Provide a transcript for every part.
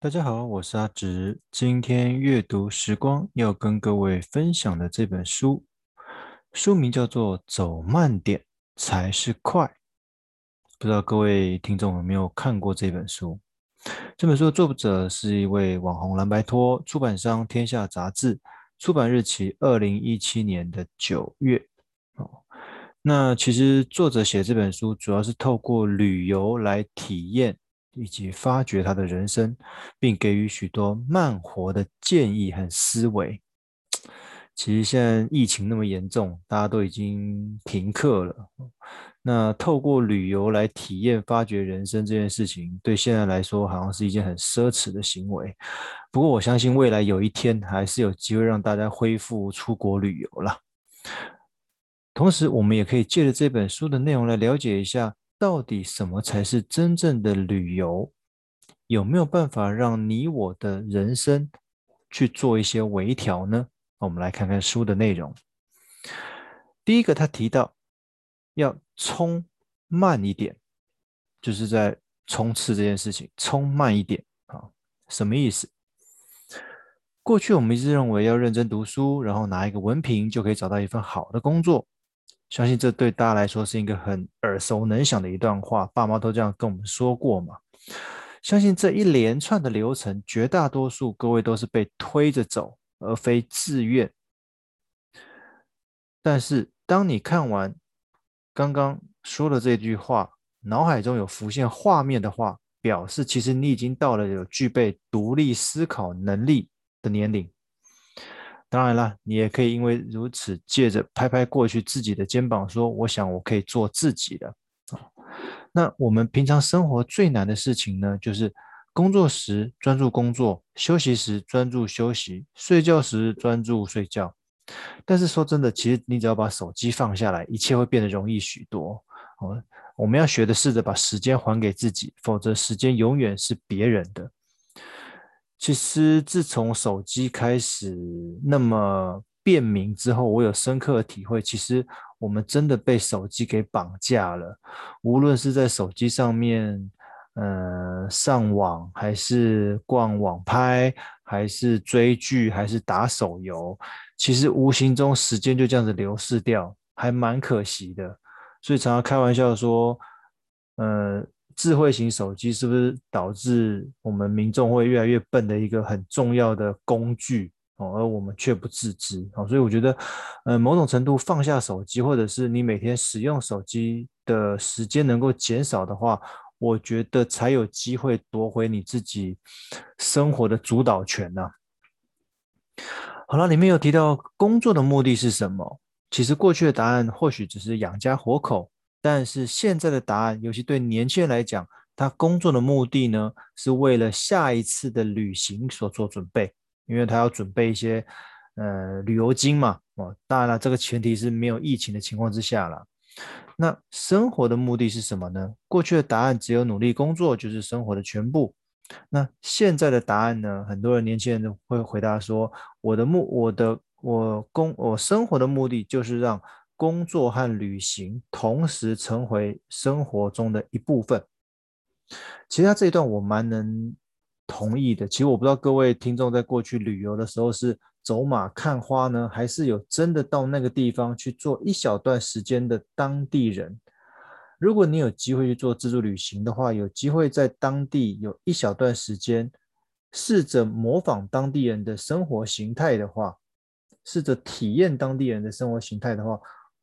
大家好，我是阿直。今天閱讀時光要跟各位分享的這本書，書名叫做《走慢點才是快》。不知道各位聽眾有沒有看過這本書？這本書的作者是一位網紅藍白托，出版商天下雜誌，出版日期二零一七年的九月。哦，那其實作者寫這本書主要是透過旅遊來體驗。以及發掘他的人生，並給予許多慢活的建議和思維。其實現在疫情那麼嚴重，大家都已經停課了。那透過旅遊來體驗、發掘人生這件事情，對現在來說好像是一件很奢侈的行為。不過我相信未來有一天還是有機會讓大家恢復出國旅遊了。同時，我們也可以借着這本書的內容來了解一下。到底什麼才是真正的旅遊？有沒有辦法讓你我的人生去做一些微調呢？我們來看看書的內容。第一個，他提到要衝慢一點，就是在衝刺這件事情，衝慢一點啊，什麼意思？過去我們一直認為要認真讀書，然後拿一個文憑就可以找到一份好的工作。相信這對大家來說是一個很耳熟能詳的一段話，爸媽都這樣跟我們說過嘛。相信這一連串的流程，絕大多數各位都是被推着走，而非自願。但是，當你看完剛剛說的這句話，腦海中有浮現畫面的話，表示其實你已經到了有具備獨立思考能力的年齡。當然啦，你也可以因為如此，借着拍拍過去自己的肩膀，說：“我想我可以做自己的。”啊，那我們平常生活最難的事情呢，就是工作時專注工作，休息時專注休息，睡覺時專注睡覺。但是說真的，其實你只要把手機放下來，一切會變得容易許多。哦，我們要學的，試着把時間還給自己，否則時間永遠是別人的。其實自從手機開始那麼便民之後，我有深刻的體會。其實我們真的被手機給綁架了，無論是在手機上面，呃，上網，還是逛網拍，還是追劇，還是打手遊，其實無形中時間就這樣子流逝掉，還蠻可惜的。所以常常開玩笑說，呃。智慧型手機是不是導致我們民眾會越來越笨的一個很重要的工具哦？而我們卻不自知哦，所以我覺得，呃，某種程度放下手機，或者是你每天使用手機的時間能夠減少的話，我覺得才有機會奪回你自己生活的主導權吶。好了，裡面有提到工作的目的是什麼？其實過去的答案或許只是養家活口。但是現在的答案，尤其對年輕人來講，他工作的目的呢，是為了下一次的旅行所做準備，因為他要準備一些，呃，旅遊金嘛。哦，當然了，這個前提是沒有疫情的情況之下了。那生活的目的是什麼呢？過去的答案只有努力工作，就是生活的全部。那現在的答案呢？很多人年輕人會回答說，我的目，我的我工，我生活的目的就是讓。工作和旅行同時成為生活中的一部分。其實這一段我蠻能同意的。其實我不知道各位聽眾在過去旅遊的時候是走馬看花呢，還是有真的到那個地方去做一小段時間的當地人。如果你有機會去做自助旅行的話，有機會在當地有一小段時間，試着模仿當地人的生活形態的話，試着體驗當地人的生活形態的話。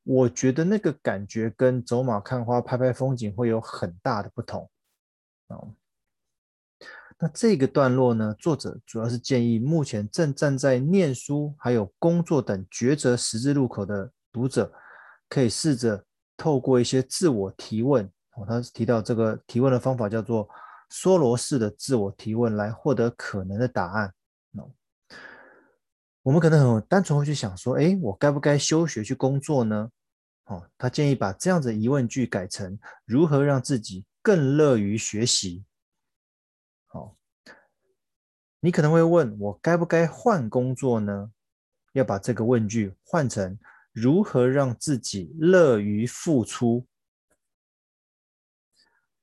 我覺得那個感覺跟走馬看花、拍拍風景會有很大的不同啊。那這個段落呢，作者主要是建議目前正站在念書、還有工作等抉擇十字路口的讀者，可以試着透過一些自我提問，當他提到這個提問的方法叫做梭羅式的自我提問，來獲得可能的答案啊。我們可能很單純會去想說，哎，我該不該休學去工作呢？好、哦，他建議把這樣的疑問句改成“如何讓自己更樂於學習”。好，你可能會問我該不該換工作呢？要把這個問句換成“如何讓自己樂於付出”。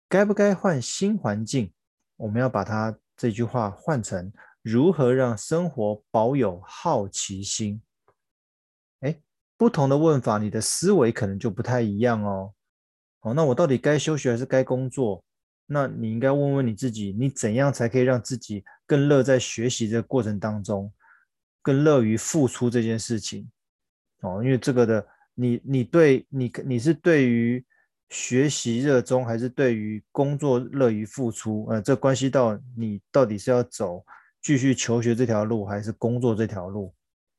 該不該換新環境？我們要把它這句話換成“如何讓生活保有好奇心”誒。哎。不同的問法，你的思維可能就不太一樣哦。哦，那我到底該休學還是該工作？那你應該問問你自己，你怎樣才可以讓自己更樂在學習這個過程當中，更樂於付出這件事情哦。因為這個的，你你對你你是對於學習熱衷，還是對於工作樂於付出？呃，這關係到你到底是要走繼續求學這條路，還是工作這條路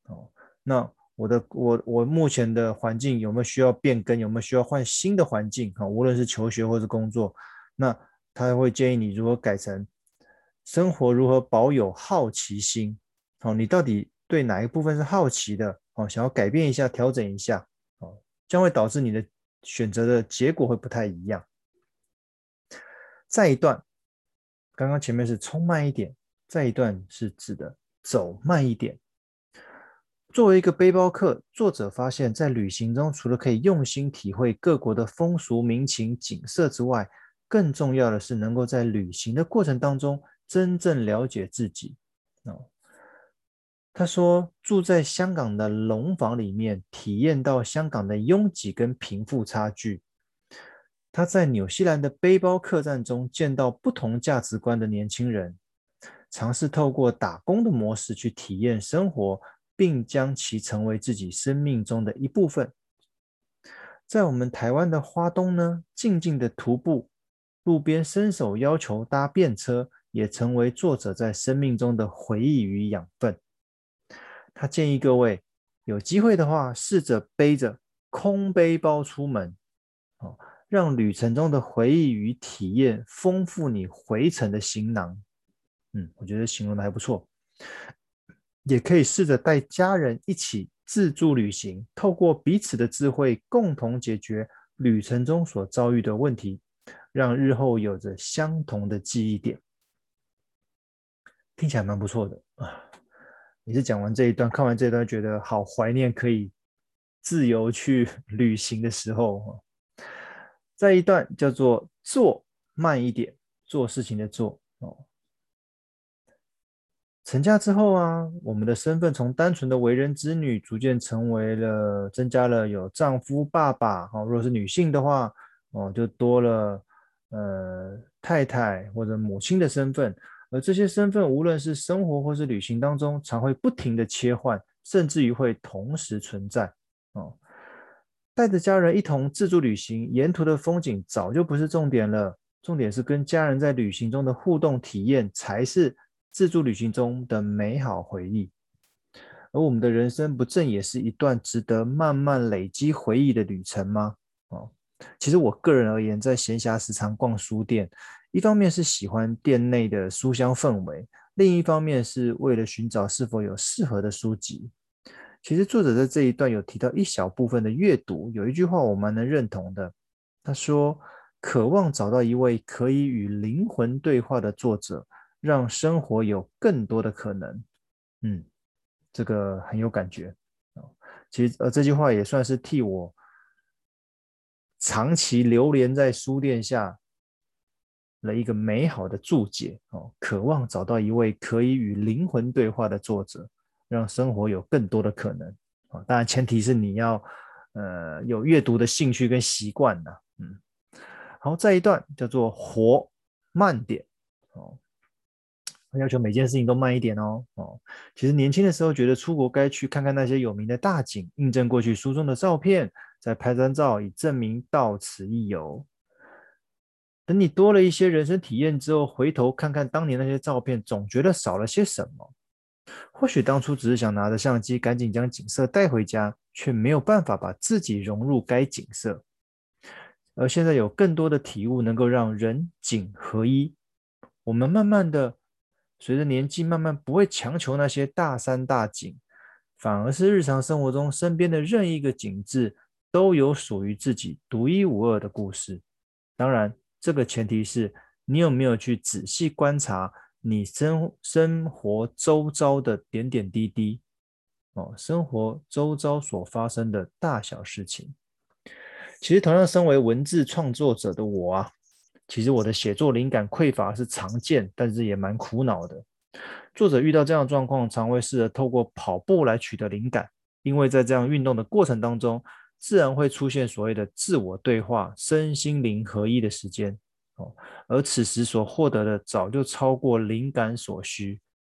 哦。那。我的我我目前的環境有沒有需要變更？有沒有需要換新的環境啊？無論是求學或是工作，那他會建議你如何改成生活、如何保有好奇心啊？你到底對哪一部分是好奇的啊？想要改變一下、調整一下啊，將會導致你的選擇的結果會不太一樣。再一段，剛剛前面是衝慢一點，再一段是指的走慢一點。作為一個背包客，作者發現，在旅行中，除了可以用心體會各國的風俗民情、景色之外，更重要的是能夠在旅行的過程當中真正了解自己。哦，他說住在香港的籠房裡面，體驗到香港的擁擠跟貧富差距。他在紐西蘭的背包客棧中見到不同價值觀的年輕人，嘗試透過打工的模式去體驗生活。並將其成為自己生命中的一部分。在我們台灣的花東呢，靜靜的徒步，路邊伸手要求搭便車，也成為作者在生命中的回憶與養分。他建議各位有機會的話，試着背着空背包出門，哦，讓旅程中的回憶與體驗豐富你回程的行囊。嗯，我覺得形容的還不錯。也可以試着帶家人一起自助旅行，透過彼此的智慧，共同解決旅程中所遭遇的問題，讓日後有着相同的記憶點。聽起來蠻不錯的啊！也是講完這一段，看完這一段覺得好懷念可以自由去旅行的時候在、啊、再一段叫做“做慢一點，做事情的做”。成家之後啊，我們的身份從單純的為人子女，逐漸成為了，增加了有丈夫、爸爸，哈、哦，如果是女性的話，哦，就多了呃太太或者母親的身份。而這些身份，無論是生活或是旅行當中，常會不停地切換，甚至於會同時存在。哦，帶着家人一同自助旅行，沿途的風景早就不是重點了，重點是跟家人在旅行中的互動體驗才是。自助旅行中的美好回憶，而我們的人生不正也是一段值得慢慢累積回憶的旅程嗎？啊、哦，其實我個人而言，在閒暇時常逛書店，一方面是喜歡店內的書香氛圍，另一方面是為了尋找是否有適合的書籍。其實作者在這一段有提到一小部分的閱讀，有一句話我蠻能認同的，他說：“渴望找到一位可以與靈魂對話的作者。”讓生活有更多的可能，嗯，這個很有感覺。其實呃，這句話也算是替我長期流連在書店下的一個美好的注解，哦，渴望找到一位可以與靈魂對話的作者，讓生活有更多的可能啊、哦。當然，前提是你要呃有閱讀的興趣跟習慣吶、啊。嗯，好，再一段叫做活“活慢點”哦要求每件事情都慢一點哦哦，其實年輕的時候覺得出國該去看看那些有名的大景，印證過去書中的照片，再拍張照以證明到此一遊。等你多了一些人生體驗之後，回頭看看當年那些照片，總覺得少了些什麼。或許當初只是想拿着相機趕緊將景色帶回家，卻沒有辦法把自己融入該景色。而現在有更多的體悟，能夠讓人景合一。我們慢慢的。隨着年紀慢慢，不會強求那些大山大景，反而是日常生活中身邊的任意一個景致，都有屬於自己獨一無二的故事。當然，這個前提是你有沒有去仔細觀察你生生活周遭的點點滴滴，哦，生活周遭所發生的大小事情。其實，同樣身為文字創作者的我啊。其實我的寫作靈感匱乏是常見，但是也蠻苦惱的。作者遇到這樣的狀況，常會試着透過跑步來取得靈感，因為在這樣運動的過程當中，自然會出現所謂的自我對話、身心靈合一的時間哦。而此時所獲得的，早就超過靈感所需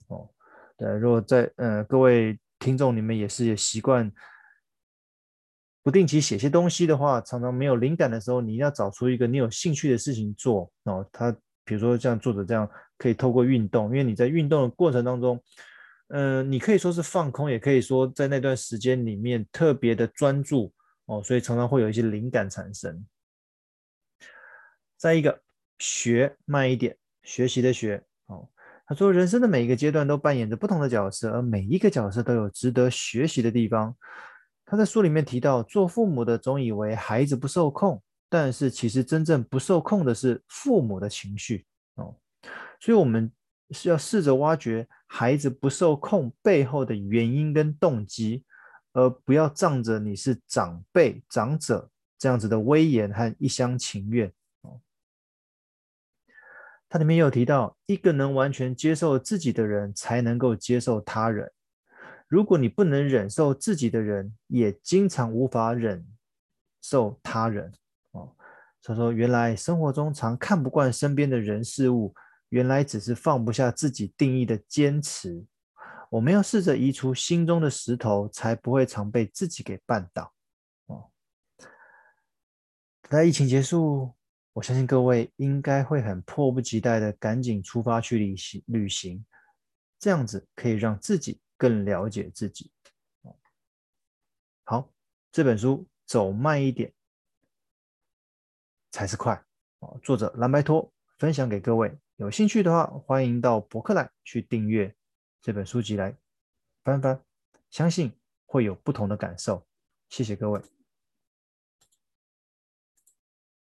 哦。對，如果在呃各位聽眾你們也是也習慣。不定期寫些東西的話，常常沒有靈感的時候，你要找出一個你有興趣的事情做哦。他比如說像作者這樣，可以透過運動，因為你在運動的過程當中，嗯、呃，你可以說是放空，也可以說在那段時間裡面特別的專注哦，所以常常會有一些靈感產生。再一個，學慢一點，學習的學哦。他說，人生的每一個階段都扮演着不同的角色，而每一個角色都有值得學習的地方。他在書裡面提到，做父母的總以為孩子不受控，但是其實真正不受控的是父母的情緒哦。所以，我們是要試着挖掘孩子不受控背後的原因跟動機，而不要仗着你是長輩、長者這樣子的威嚴和一廂情願哦。他裡面也有提到，一個能完全接受自己的人才能夠接受他人。如果你不能忍受自己的人，也經常無法忍受他人哦。所以說，原來生活中常看不慣身邊的人事物，原來只是放不下自己定義的堅持。我們要試着移除心中的石頭，才不會常被自己給絆倒哦。等待疫情結束，我相信各位應該會很迫不及待的趕緊出發去旅行旅行，這樣子可以讓自己。更了解自己，好，這本書走慢一點才是快，作者藍白拖分享給各位，有興趣的話，歡迎到博客來去訂閱這本書籍來翻翻，相信會有不同的感受。謝謝各位。